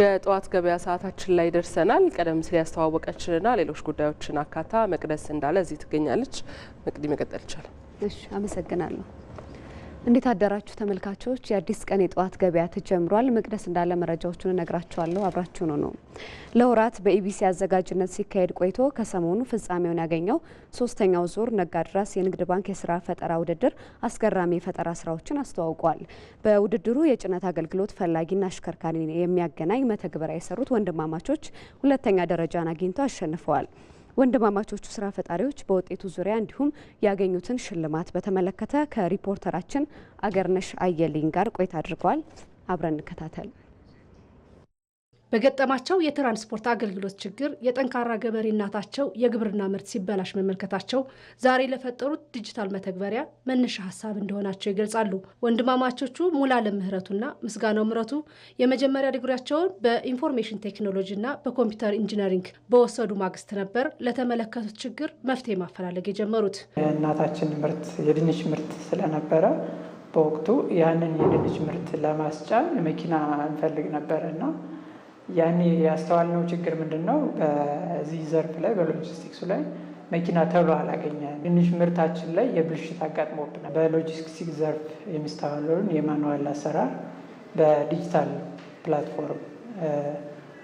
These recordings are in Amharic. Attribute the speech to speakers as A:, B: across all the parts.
A: የጠዋት ገበያ ሰዓታችን ላይ ደርሰናል። ቀደም ሲል ያስተዋወቀችንና ሌሎች ጉዳዮችን አካታ መቅደስ እንዳለ እዚህ ትገኛለች። መቅዲ መቀጠል ይቻላል።
B: እሺ፣ አመሰግናለሁ። እንዴት አደራችሁ ተመልካቾች? የአዲስ ቀን የጠዋት ገበያ ተጀምሯል። መቅደስ እንዳለ መረጃዎቹን እነግራችኋለሁ። አብራችሁ ነው። ለወራት በኢቢሲ አዘጋጅነት ሲካሄድ ቆይቶ ከሰሞኑ ፍጻሜውን ያገኘው ሶስተኛው ዙር ነጋድራስ የንግድ ባንክ የስራ ፈጠራ ውድድር አስገራሚ የፈጠራ ስራዎችን አስተዋውቋል። በውድድሩ የጭነት አገልግሎት ፈላጊና አሽከርካሪ የሚያገናኝ መተግበሪያ የሰሩት ወንድማማቾች ሁለተኛ ደረጃን አግኝተው አሸንፈዋል። ወንድማማቾቹ ስራ ፈጣሪዎች በውጤቱ ዙሪያ እንዲሁም ያገኙትን ሽልማት በተመለከተ ከሪፖርተራችን አገርነሽ አየልኝ ጋር ቆይታ አድርገዋል። አብረን እንከታተል። በገጠማቸው የትራንስፖርት አገልግሎት ችግር የጠንካራ ገበሬ እናታቸው የግብርና ምርት ሲበላሽ መመልከታቸው ዛሬ ለፈጠሩት ዲጂታል መተግበሪያ መነሻ ሀሳብ እንደሆናቸው ይገልጻሉ። ወንድማማቾቹ ሙላለም ምህረቱና ምስጋናው ምረቱ የመጀመሪያ ዲግሪያቸውን በኢንፎርሜሽን ቴክኖሎጂና በኮምፒውተር ኢንጂነሪንግ በወሰዱ ማግስት ነበር ለተመለከቱት ችግር መፍትሄ ማፈላለግ የጀመሩት።
C: እናታችን ምርት የድንች ምርት ስለነበረ በወቅቱ ያንን የድንች ምርት ለማስጫን መኪና እንፈልግ ነበረና ያኔ ያስተዋልነው ችግር ምንድን ነው? በዚህ ዘርፍ ላይ በሎጂስቲክሱ ላይ መኪና ተብሎ አላገኘ ትንሽ ምርታችን ላይ የብልሽት አጋጥሞብናል። በሎጂስቲክስ ዘርፍ የሚስተዋለውን የማኑዋል አሰራር በዲጂታል ፕላትፎርም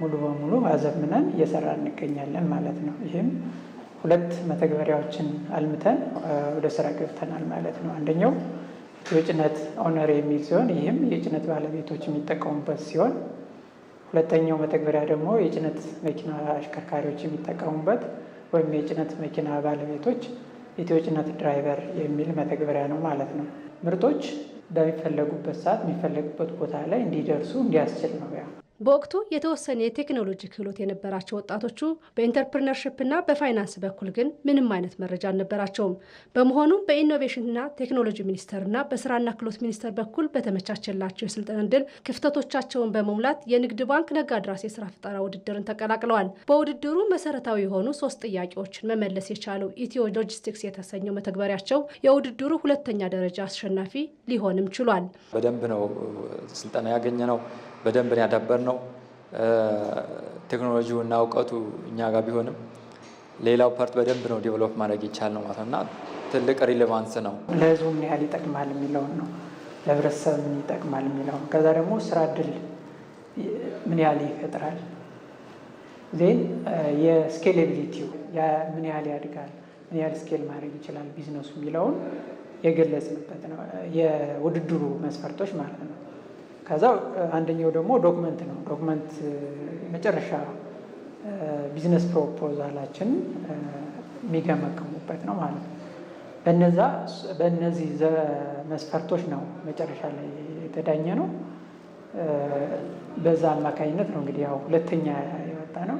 C: ሙሉ በሙሉ አዘምነን እየሰራ እንገኛለን ማለት ነው። ይህም ሁለት መተግበሪያዎችን አልምተን ወደ ስራ ገብተናል ማለት ነው። አንደኛው የጭነት ኦነር የሚል ሲሆን ይህም የጭነት ባለቤቶች የሚጠቀሙበት ሲሆን ሁለተኛው መተግበሪያ ደግሞ የጭነት መኪና አሽከርካሪዎች የሚጠቀሙበት ወይም የጭነት መኪና ባለቤቶች ኢትዮ ጭነት ድራይቨር የሚል መተግበሪያ ነው ማለት ነው። ምርቶች በሚፈለጉበት ሰዓት የሚፈለጉበት ቦታ ላይ እንዲደርሱ እንዲያስችል ነው ያ
B: በወቅቱ የተወሰነ የቴክኖሎጂ ክህሎት የነበራቸው ወጣቶቹ በኢንተርፕርነርሽፕና በፋይናንስ በኩል ግን ምንም አይነት መረጃ አልነበራቸውም። በመሆኑም በኢኖቬሽንና ቴክኖሎጂ ሚኒስቴርና በስራና ክህሎት ሚኒስቴር በኩል በተመቻቸላቸው የስልጠና እድል ክፍተቶቻቸውን በመሙላት የንግድ ባንክ ነጋድራስ የስራ ፈጠራ ውድድርን ተቀላቅለዋል። በውድድሩ መሰረታዊ የሆኑ ሶስት ጥያቄዎችን መመለስ የቻለው ኢትዮ ሎጂስቲክስ የተሰኘው መተግበሪያቸው የውድድሩ ሁለተኛ ደረጃ አሸናፊ ሊሆንም ችሏል።
D: በደንብ ነው ስልጠና ያገኘ ነው። በደንብ ያዳበር ነው። ቴክኖሎጂው እና እውቀቱ እኛ ጋር ቢሆንም ሌላው ፓርት በደንብ ነው ዴቨሎፕ ማድረግ ነው ማለት ነው እና ትልቅ ሪሌቫንስ ነው።
C: ለህዝቡ ምን ያህል ይጠቅማል የሚለውን ነው፣ ለህብረተሰብ ምን ይጠቅማል የሚለውን ከዛ ደግሞ ስራ እድል ምን ያህል ይፈጥራል ዜን የስኬሌቢሊቲው ምን ያህል ያድጋል፣ ምን ያህል ስኬል ማድረግ ይችላል ቢዝነሱ የሚለውን የገለጽንበት ነው የውድድሩ መስፈርቶች ማለት ነው። ከዛ አንደኛው ደግሞ ዶክመንት ነው። ዶክመንት መጨረሻ ቢዝነስ ፕሮፖዛላችን የሚገመገሙበት ነው ማለት ነው። በነዛ በእነዚህ መስፈርቶች ነው መጨረሻ ላይ የተዳኘ ነው። በዛ አማካኝነት ነው እንግዲህ ያው ሁለተኛ የወጣ ነው።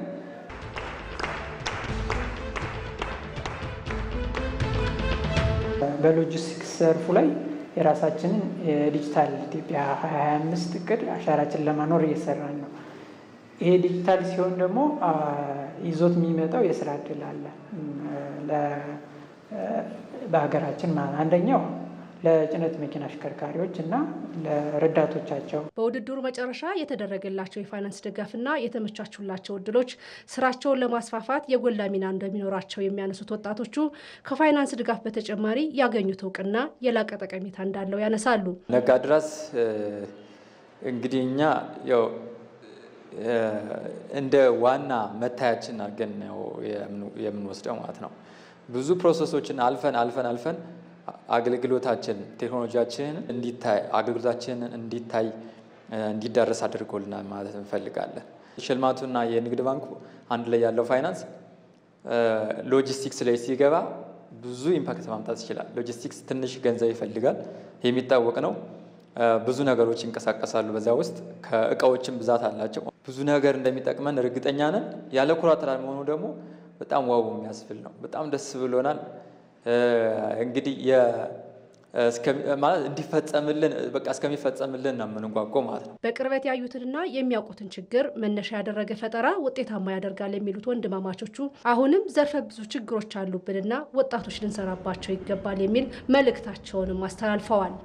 C: በሎጂስቲክስ ዘርፉ ላይ የራሳችንን የዲጂታል ኢትዮጵያ 25 እቅድ አሻራችን ለማኖር እየሰራን ነው። ይሄ ዲጂታል ሲሆን ደግሞ ይዞት የሚመጣው የስራ እድል አለ በሀገራችን አንደኛው ለጭነት መኪና አሽከርካሪዎች እና ለረዳቶቻቸው
B: በውድድሩ መጨረሻ የተደረገላቸው የፋይናንስ ድጋፍና የተመቻቹላቸው እድሎች ስራቸውን ለማስፋፋት የጎላ ሚና እንደሚኖራቸው የሚያነሱት ወጣቶቹ ከፋይናንስ ድጋፍ በተጨማሪ ያገኙት እውቅና የላቀ ጠቀሜታ እንዳለው ያነሳሉ።
D: ነጋድራስ እንግዲህ እኛ ያው እንደ ዋና መታያችን አድርገን ነው የምንወስደው ማለት ነው። ብዙ ፕሮሰሶችን አልፈን አልፈን አልፈን አገልግሎታችን ቴክኖሎጂያችን እንዲታይ አገልግሎታችንን እንዲታይ እንዲዳረስ አድርጎልናል ማለት እንፈልጋለን። ሽልማቱና የንግድ ባንኩ አንድ ላይ ያለው ፋይናንስ ሎጂስቲክስ ላይ ሲገባ ብዙ ኢምፓክት ማምጣት ይችላል። ሎጂስቲክስ ትንሽ ገንዘብ ይፈልጋል፣ የሚታወቅ ነው። ብዙ ነገሮች ይንቀሳቀሳሉ። በዛ ውስጥ ከእቃዎችን ብዛት አላቸው። ብዙ ነገር እንደሚጠቅመን እርግጠኛ ነን። ያለ ኩራተራል መሆኑ ደግሞ በጣም ዋው የሚያስብል ነው። በጣም ደስ ብሎናል። እንግዲህ ማለት እንዲፈጸምልን በቃ እስከሚፈጸምልን ነው ማለት ነው።
B: በቅርበት ያዩትንና የሚያውቁትን ችግር መነሻ ያደረገ ፈጠራ ውጤታማ ያደርጋል የሚሉት ወንድማማቾቹ አሁንም ዘርፈ ብዙ ችግሮች አሉብንና ወጣቶች ልንሰራባቸው ይገባል የሚል መልእክታቸውንም አስተላልፈዋል።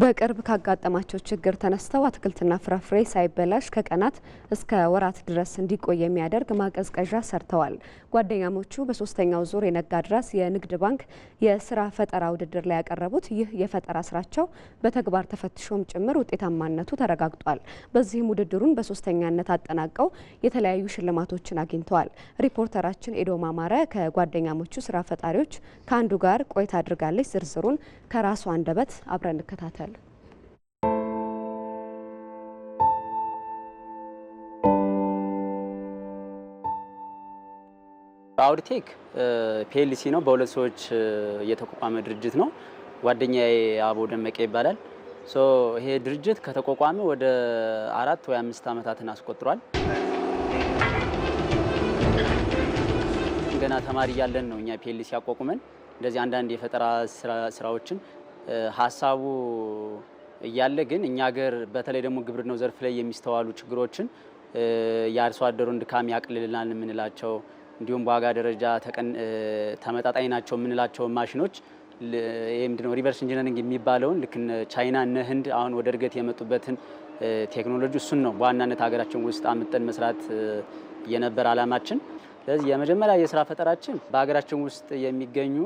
B: በቅርብ ካጋጠማቸው ችግር ተነስተው አትክልትና ፍራፍሬ ሳይበላሽ ከቀናት እስከ ወራት ድረስ እንዲቆይ የሚያደርግ ማቀዝቀዣ ሰርተዋል። ጓደኛሞቹ በሶስተኛው ዙር የነጋድራስ የንግድ ባንክ የስራ ፈጠራ ውድድር ላይ ያቀረቡት ይህ የፈጠራ ስራቸው በተግባር ተፈትሾም ጭምር ውጤታማነቱ ተረጋግጧል። በዚህም ውድድሩን በሶስተኛነት አጠናቀው የተለያዩ ሽልማቶችን አግኝተዋል። ሪፖርተራችን ኤዶ ማማረ ከጓደኛሞቹ ስራ ፈጣሪዎች ከአንዱ ጋር ቆይታ አድርጋለች። ዝርዝሩን ከራሷ አንደበት አብረን እንከታተል።
E: አውድቴክ ፒኤልሲ ነው። በሁለት ሰዎች የተቋቋመ ድርጅት ነው። ጓደኛዬ አቦ ደመቀ ይባላል። ይሄ ድርጅት ከተቋቋመ ወደ አራት ወይ አምስት ዓመታትን አስቆጥሯል። ገና ተማሪ እያለን ነው እኛ ፒኤልሲ አቋቁመን እንደዚህ አንዳንድ የፈጠራ ስራዎችን ሀሳቡ እያለ ግን እኛ ሀገር በተለይ ደግሞ ግብርናው ዘርፍ ላይ የሚስተዋሉ ችግሮችን የአርሶ አደሩን ድካም ያቅልልናል የምንላቸው እንዲሁም በዋጋ ደረጃ ተመጣጣኝ ናቸው የምንላቸውን ማሽኖች ይህ ምንድነው ሪቨርስ ኢንጂነሪንግ የሚባለውን ልክ ቻይና እነ ህንድ አሁን ወደ እድገት የመጡበትን ቴክኖሎጂ እሱን ነው በዋናነት ሀገራችን ውስጥ አምጠን መስራት የነበረ አላማችን። ስለዚህ የመጀመሪያ የስራ ፈጠራችን በሀገራችን ውስጥ የሚገኙ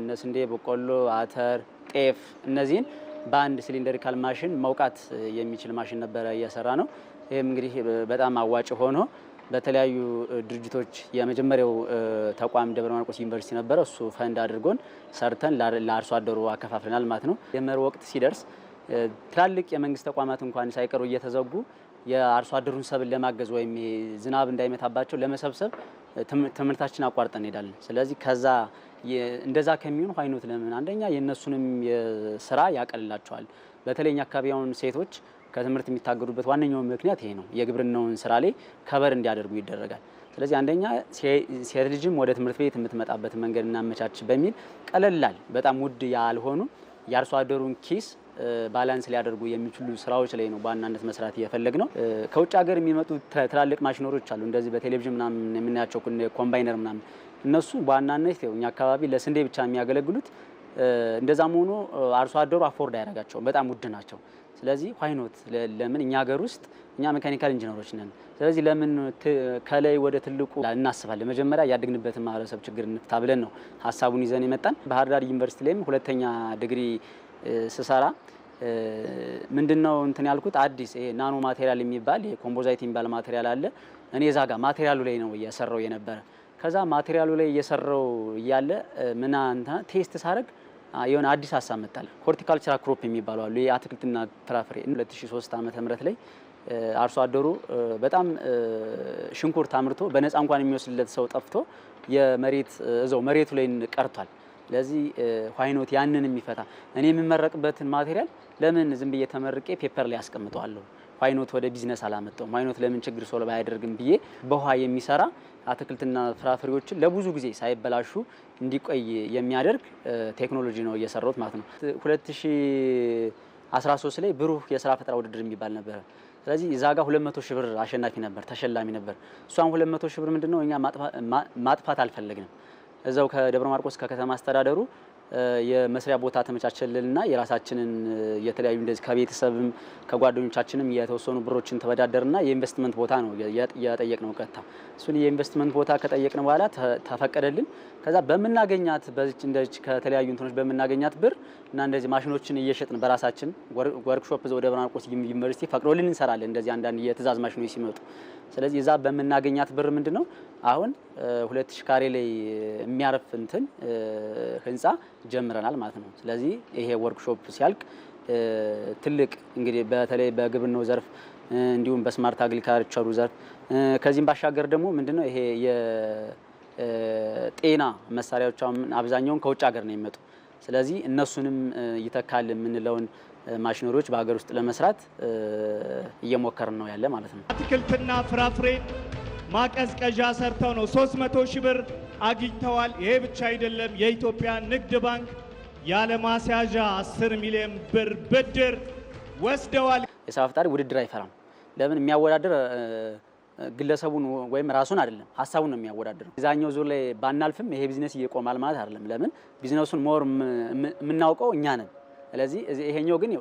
E: እነ ስንዴ፣ በቆሎ፣ አተር፣ ጤፍ እነዚህን በአንድ ሲሊንደሪካል ማሽን መውቃት የሚችል ማሽን ነበረ እየሰራ ነው። ይህም እንግዲህ በጣም አዋጭ ሆኖ በተለያዩ ድርጅቶች የመጀመሪያው ተቋም ደብረ ማርቆስ ዩኒቨርሲቲ ነበረ። እሱ ፈንድ አድርጎን ሰርተን ለአርሶ አደሩ አከፋፍለናል ማለት ነው። የመኸር ወቅት ሲደርስ ትላልቅ የመንግስት ተቋማት እንኳን ሳይቀሩ እየተዘጉ የአርሶ አደሩን ሰብል ለማገዝ ወይም ዝናብ እንዳይመታባቸው ለመሰብሰብ ትምህርታችን አቋርጠን እንሄዳለን። ስለዚህ ከዛ እንደዛ ከሚሆን ዋይኖት ለምን አንደኛ የእነሱንም ስራ ያቀልላቸዋል። በተለይ እኛ አካባቢ ሴቶች ከትምህርት የሚታገዱበት ዋነኛው ምክንያት ይሄ ነው። የግብርናውን ስራ ላይ ከበር እንዲያደርጉ ይደረጋል። ስለዚህ አንደኛ ሴት ልጅም ወደ ትምህርት ቤት የምትመጣበት መንገድ እናመቻች በሚል ቀለላል በጣም ውድ ያልሆኑ የአርሶ አደሩን ኪስ ባላንስ ሊያደርጉ የሚችሉ ስራዎች ላይ ነው በዋናነት መስራት እየፈለግ ነው። ከውጭ ሀገር የሚመጡ ትላልቅ ማሽኖሮች አሉ እንደዚህ በቴሌቪዥን ምናምን የምናያቸው ኮምባይነር ምናምን እነሱ በዋናነት እኛ አካባቢ ለስንዴ ብቻ የሚያገለግሉት እንደዛም ሆኖ አርሶ አደሩ አፎርድ አያደርጋቸውም፣ በጣም ውድ ናቸው። ስለዚህ ዋይኖት ለምን እኛ ሀገር ውስጥ እኛ ሜካኒካል ኢንጂነሮች ነን። ስለዚህ ለምን ከላይ ወደ ትልቁ እናስባለን? መጀመሪያ ያደግንበትን ማህበረሰብ ችግር እንፍታ ብለን ነው ሀሳቡን ይዘን የመጣን። ባህር ዳር ዩኒቨርሲቲ ላይም ሁለተኛ ዲግሪ ስሰራ ምንድን ነው እንትን ያልኩት አዲስ ይሄ ናኖ ማቴሪያል የሚባል ኮምፖዛይት የሚባል ማቴሪያል አለ። እኔ እዛ ጋር ማቴሪያሉ ላይ ነው እየሰራው የነበረ። ከዛ ማቴሪያሉ ላይ እየሰራው እያለ ምና ቴስት ሳረግ የሆነ አዲስ ሀሳብ መጣል ሆርቲካልቸራ ክሮፕ የሚባለ አሉ የአትክልትና ፍራፍሬ 2003 ዓ ምህረት ላይ አርሶ አደሩ በጣም ሽንኩርት አምርቶ በነፃ እንኳን የሚወስድለት ሰው ጠፍቶ የመሬት እዛው መሬቱ ላይ ቀርቷል። ለዚህ ኋይኖት ያንን የሚፈታ እኔ የምመረቅበትን ማቴሪያል ለምን ዝም ብዬ ተመርቄ ፔፐር ላይ አስቀምጠዋለሁ? ኋይኖት ወደ ቢዝነስ አላመጣውም። ኋይኖት ለምን ችግር ሶልቭ አያደርግም ብዬ በውሃ የሚሰራ አትክልትና ፍራፍሬዎችን ለብዙ ጊዜ ሳይበላሹ እንዲቆይ የሚያደርግ ቴክኖሎጂ ነው እየሰሩት ማለት ነው። 2013 ላይ ብሩህ የስራ ፈጠራ ውድድር የሚባል ነበረ። ስለዚህ እዛ ጋር 200 ሺህ ብር አሸናፊ ነበር፣ ተሸላሚ ነበር። እሷም 200 ሺህ ብር ምንድነው እኛ ማጥፋት አልፈለግንም። እዛው ከደብረ ማርቆስ ከከተማ አስተዳደሩ የመስሪያ ቦታ ተመቻቸልንና የራሳችንን የተለያዩ እንደዚህ ከቤተሰብም ከጓደኞቻችንም የተወሰኑ ብሮችን ተወዳደርና የኢንቨስትመንት ቦታ ነው ነው። ቀጥታ እሱን የኢንቨስትመንት ቦታ ከጠየቅን በኋላ ተፈቀደልን። ከዛ በምናገኛት በዚች እንደዚህ ከተለያዩ እንትኖች በምናገኛት ብር እና እንደዚህ ማሽኖችን እየሸጥን በራሳችን ወርክሾፕ ዘ ወደ ብርሃንቆርስ ዩኒቨርሲቲ ፈቅዶልን እንሰራለን። እንደዚህ አንዳንድ የትእዛዝ ማሽኖች ሲመጡ ስለዚህ እዛ በምናገኛት ብር ምንድን ነው አሁን ሁለት ሺህ ካሬ ላይ የሚያርፍ እንትን ህንፃ ጀምረናል ማለት ነው። ስለዚህ ይሄ ወርክሾፕ ሲያልቅ ትልቅ እንግዲህ በተለይ በግብርናው ዘርፍ እንዲሁም በስማርት አግሪካልቸሩ ዘርፍ ከዚህም ባሻገር ደግሞ ምንድነው ይሄ የጤና መሳሪያዎች አብዛኛውን ከውጭ ሀገር ነው የሚመጡ። ስለዚህ እነሱንም ይተካል የምንለውን ማሽነሪዎች በሀገር ውስጥ ለመስራት እየሞከርን ነው ያለ ማለት ነው።
F: አትክልትና ፍራፍሬ ማቀዝቀዣ ሰርተው ነው 300 ሺህ ብር አግኝተዋል። ይሄ ብቻ አይደለም። የኢትዮጵያ ንግድ ባንክ ያለ ማስያዣ 10 ሚሊዮን ብር ብድር ወስደዋል።
E: የሰው ፈጣሪ ውድድር አይፈራም። ለምን የሚያወዳድር ግለሰቡን ወይም ራሱን አይደለም ሀሳቡን ነው የሚያወዳድረው። እዛኛው ዙር ላይ ባናልፍም ይሄ ቢዝነስ እየቆማል ማለት አይደለም። ለምን ቢዝነሱን ሞር የምናውቀው እኛ ነን። ስለዚህ ይሄኛው ግን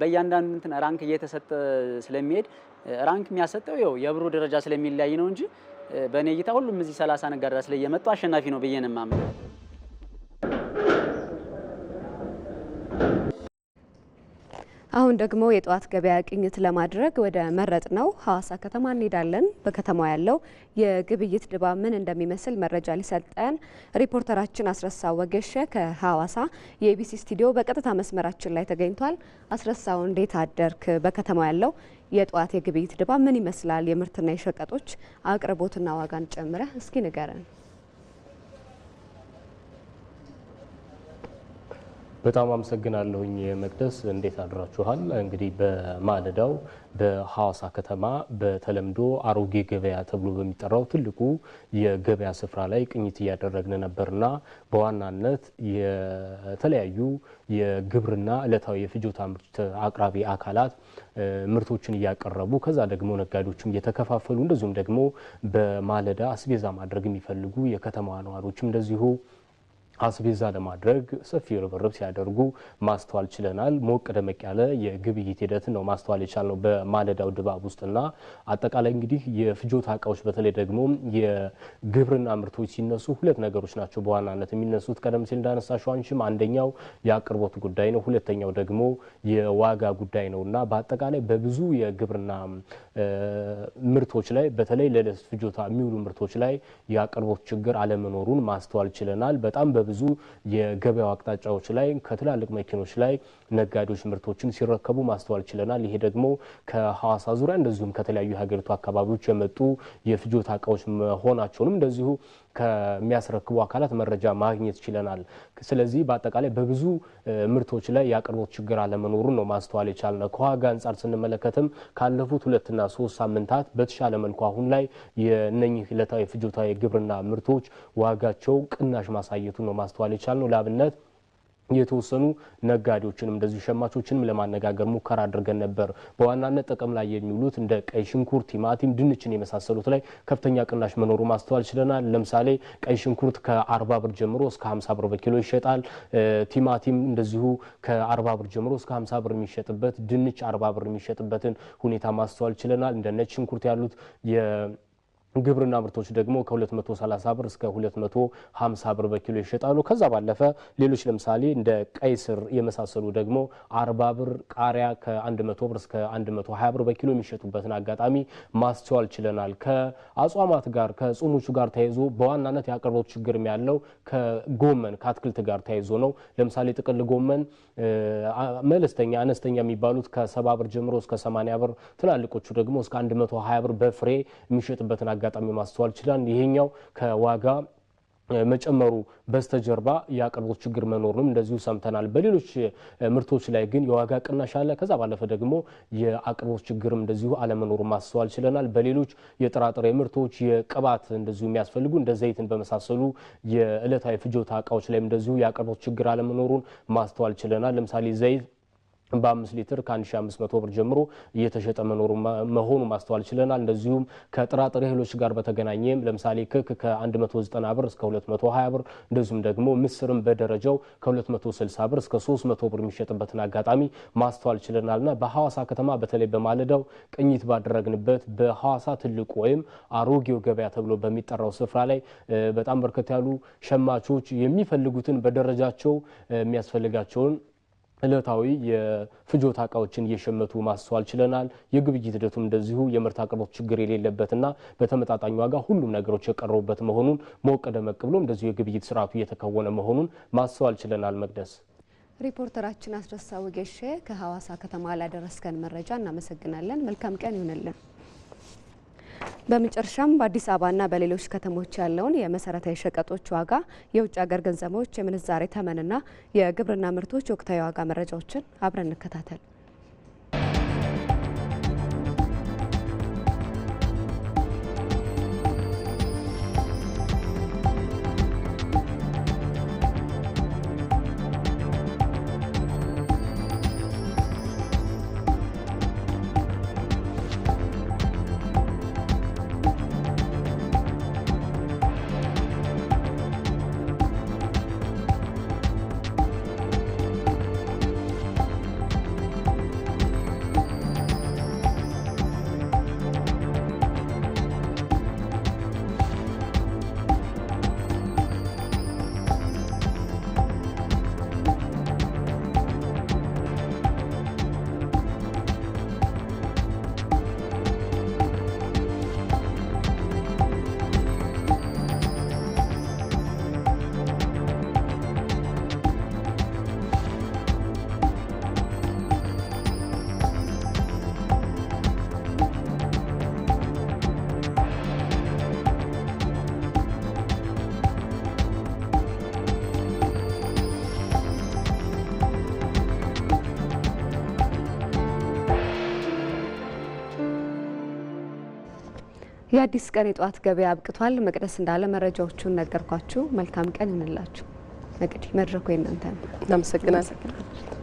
E: በእያንዳንዱ እንትን ራንክ እየተሰጠ ስለሚሄድ ራንክ የሚያሰጠው ያው የብሩ ደረጃ ስለሚለያይ ነው እንጂ በእኔ እይታ ሁሉም እዚህ ሰላሳ ነጋዴ ስለየመጡ አሸናፊ ነው ብዬ ነው የማምነው።
B: አሁን ደግሞ የጠዋት ገበያ ቅኝት ለማድረግ ወደ መረጥ ነው ሐዋሳ ከተማ እንሄዳለን። በከተማ ያለው የግብይት ድባብ ምን እንደሚመስል መረጃ ሊሰጠን ሪፖርተራችን አስረሳው ወገሸ ከሐዋሳ የኢቢሲ ስቱዲዮ በቀጥታ መስመራችን ላይ ተገኝቷል። አስረሳው እንዴት አደርክ? በከተማ ያለው የጠዋት የግብይት ድባብ ምን ይመስላል? የምርትና የሸቀጦች አቅርቦትና ዋጋን ጨምረህ እስኪ ንገረን።
G: በጣም አመሰግናለሁኝ መቅደስ፣ እንዴት አድራችኋል? እንግዲህ በማለዳው በሐዋሳ ከተማ በተለምዶ አሮጌ ገበያ ተብሎ በሚጠራው ትልቁ የገበያ ስፍራ ላይ ቅኝት እያደረግን ነበርና በዋናነት የተለያዩ የግብርና ዕለታዊ የፍጆታ ምርት አቅራቢ አካላት ምርቶችን እያቀረቡ ከዛ ደግሞ ነጋዴዎችም እየተከፋፈሉ እንደዚሁም ደግሞ በማለዳ አስቤዛ ማድረግ የሚፈልጉ የከተማዋ ነዋሪዎችም እንደዚሁ አስቤዛ ለማድረግ ሰፊ ርብርብ ሲያደርጉ ማስተዋል ችለናል። ሞቅ ደመቅ ያለ የግብይት ሂደትን ነው ማስተዋል የቻልነው በማለዳው ድባብ ውስጥና አጠቃላይ እንግዲህ የፍጆታ እቃዎች በተለይ ደግሞ የግብርና ምርቶች ሲነሱ ሁለት ነገሮች ናቸው በዋናነት የሚነሱት። ቀደም ሲል እንዳነሳሽው አንቺም አንደኛው የአቅርቦት ጉዳይ ነው፣ ሁለተኛው ደግሞ የዋጋ ጉዳይ ነው እና በአጠቃላይ በብዙ የግብርና ምርቶች ላይ በተለይ ለለስ ፍጆታ የሚውሉ ምርቶች ላይ የአቅርቦት ችግር አለመኖሩን ማስተዋል ችለናል በጣም በብዙ የገበያው አቅጣጫዎች ላይ ከትላልቅ መኪኖች ላይ ነጋዴዎች ምርቶችን ሲረከቡ ማስተዋል ችለናል። ይሄ ደግሞ ከሐዋሳ ዙሪያ እንደዚሁም ከተለያዩ የሀገሪቱ አካባቢዎች የመጡ የፍጆታ እቃዎች መሆናቸውንም እንደዚሁ ከሚያስረክቡ አካላት መረጃ ማግኘት ችለናል። ስለዚህ በአጠቃላይ በብዙ ምርቶች ላይ የአቅርቦት ችግር አለመኖሩን ነው ማስተዋል የቻልነው። ከዋጋ አንጻር ስንመለከትም ካለፉት ሁለትና ሶስት ሳምንታት በተሻለ መልኩ አሁን ላይ የእነኚህ ዕለታዊ ፍጆታዊ ግብርና ምርቶች ዋጋቸው ቅናሽ ማሳየቱን ነው ማስተዋል የቻልነው ለአብነት የተወሰኑ ነጋዴዎችንም እንደዚሁ ሸማቾችንም ለማነጋገር ሙከራ አድርገን ነበር። በዋናነት ጥቅም ላይ የሚውሉት እንደ ቀይ ሽንኩርት፣ ቲማቲም፣ ድንችን የመሳሰሉት ላይ ከፍተኛ ቅናሽ መኖሩ ማስተዋል ችለናል። ለምሳሌ ቀይ ሽንኩርት ከአርባ ብር ጀምሮ እስከ ሀምሳ ብር በኪሎ ይሸጣል። ቲማቲም እንደዚሁ ከአርባ ብር ጀምሮ እስከ ሀምሳ ብር የሚሸጥበት ድንች አርባ ብር የሚሸጥበትን ሁኔታ ማስተዋል ችለናል። እንደ ነጭ ሽንኩርት ያሉት ግብርና ምርቶች ደግሞ ከ230 ብር እስከ 250 ብር በኪሎ ይሸጣሉ። ከዛ ባለፈ ሌሎች ለምሳሌ እንደ ቀይ ስር የመሳሰሉ ደግሞ 40 ብር፣ ቃሪያ ከ100 ብር እስከ 120 ብር በኪሎ የሚሸጡበትን አጋጣሚ ማስተዋል ችለናል። ከአጽዋማት ጋር ከጾሞቹ ጋር ተያይዞ በዋናነት የአቅርቦት ችግርም ያለው ከጎመን ከአትክልት ጋር ተያይዞ ነው። ለምሳሌ ጥቅል ጎመን መለስተኛ አነስተኛ የሚባሉት ከ70 ብር ጀምሮ እስከ 80 ብር፣ ትላልቆቹ ደግሞ እስከ 120 ብር በፍሬ የሚሸጥበትን አጋጣሚ ማስተዋል ይችላል። ይሄኛው ከዋጋ መጨመሩ በስተጀርባ የአቅርቦት ችግር መኖሩንም እንደዚሁ ሰምተናል። በሌሎች ምርቶች ላይ ግን የዋጋ ቅናሽ አለ። ከዛ ባለፈ ደግሞ የአቅርቦት ችግርም እንደዚሁ አለመኖሩ ማስተዋል ችለናል። በሌሎች የጥራጥሬ ምርቶች፣ የቅባት እንደዚሁ የሚያስፈልጉ እንደ ዘይትን በመሳሰሉ የዕለታዊ ፍጆታ እቃዎች ላይም እንደዚሁ የአቅርቦት ችግር አለመኖሩን ማስተዋል ችለናል። ለምሳሌ ዘይት በአምስት ሊትር ከ1500 ብር ጀምሮ እየተሸጠ መኖሩ መሆኑ ማስተዋል ችለናል። እንደዚሁም ከጥራጥሬ እህሎች ጋር በተገናኘም ለምሳሌ ክክ ከ190 ብር እስከ 220 ብር እንደዚሁም ደግሞ ምስርም በደረጃው ከ260 ብር እስከ 300 ብር የሚሸጥበትን አጋጣሚ ማስተዋል ችለናልና በሐዋሳ ከተማ በተለይ በማለዳው ቅኝት ባደረግንበት በሐዋሳ ትልቁ ወይም አሮጌው ገበያ ተብሎ በሚጠራው ስፍራ ላይ በጣም በርከት ያሉ ሸማቾች የሚፈልጉትን በደረጃቸው የሚያስፈልጋቸውን እለታዊ የፍጆታ እቃዎችን እየሸመቱ ማስተዋል ችለናል። የግብይት ሂደቱም እንደዚሁ የምርት አቅርቦት ችግር የሌለበትና በተመጣጣኝ ዋጋ ሁሉም ነገሮች የቀረቡበት መሆኑን ሞቅ ደመቅ ብሎ እንደዚሁ የግብይት ስርዓቱ እየተከወነ መሆኑን ማስተዋል ችለናል። መቅደስ፣
B: ሪፖርተራችን አስረሳ ወጌሼ ከሐዋሳ ከተማ ላደረስከን መረጃ እናመሰግናለን። መልካም ቀን ይሆንልን። በመጨረሻም በአዲስ አበባና በሌሎች ከተሞች ያለውን የመሰረታዊ ሸቀጦች ዋጋ፣ የውጭ ሀገር ገንዘቦች የምንዛሬ ተመንና የግብርና ምርቶች ወቅታዊ ዋጋ መረጃዎችን አብረን እንከታተል። የአዲስ ቀን የጠዋት ገበያ አብቅቷል። መቅደስ እንዳለ መረጃዎቹን ነገርኳችሁ። መልካም ቀን እንላችሁ። እንግዲህ መድረኩ የእናንተ ነው።
A: እናመሰግናለን።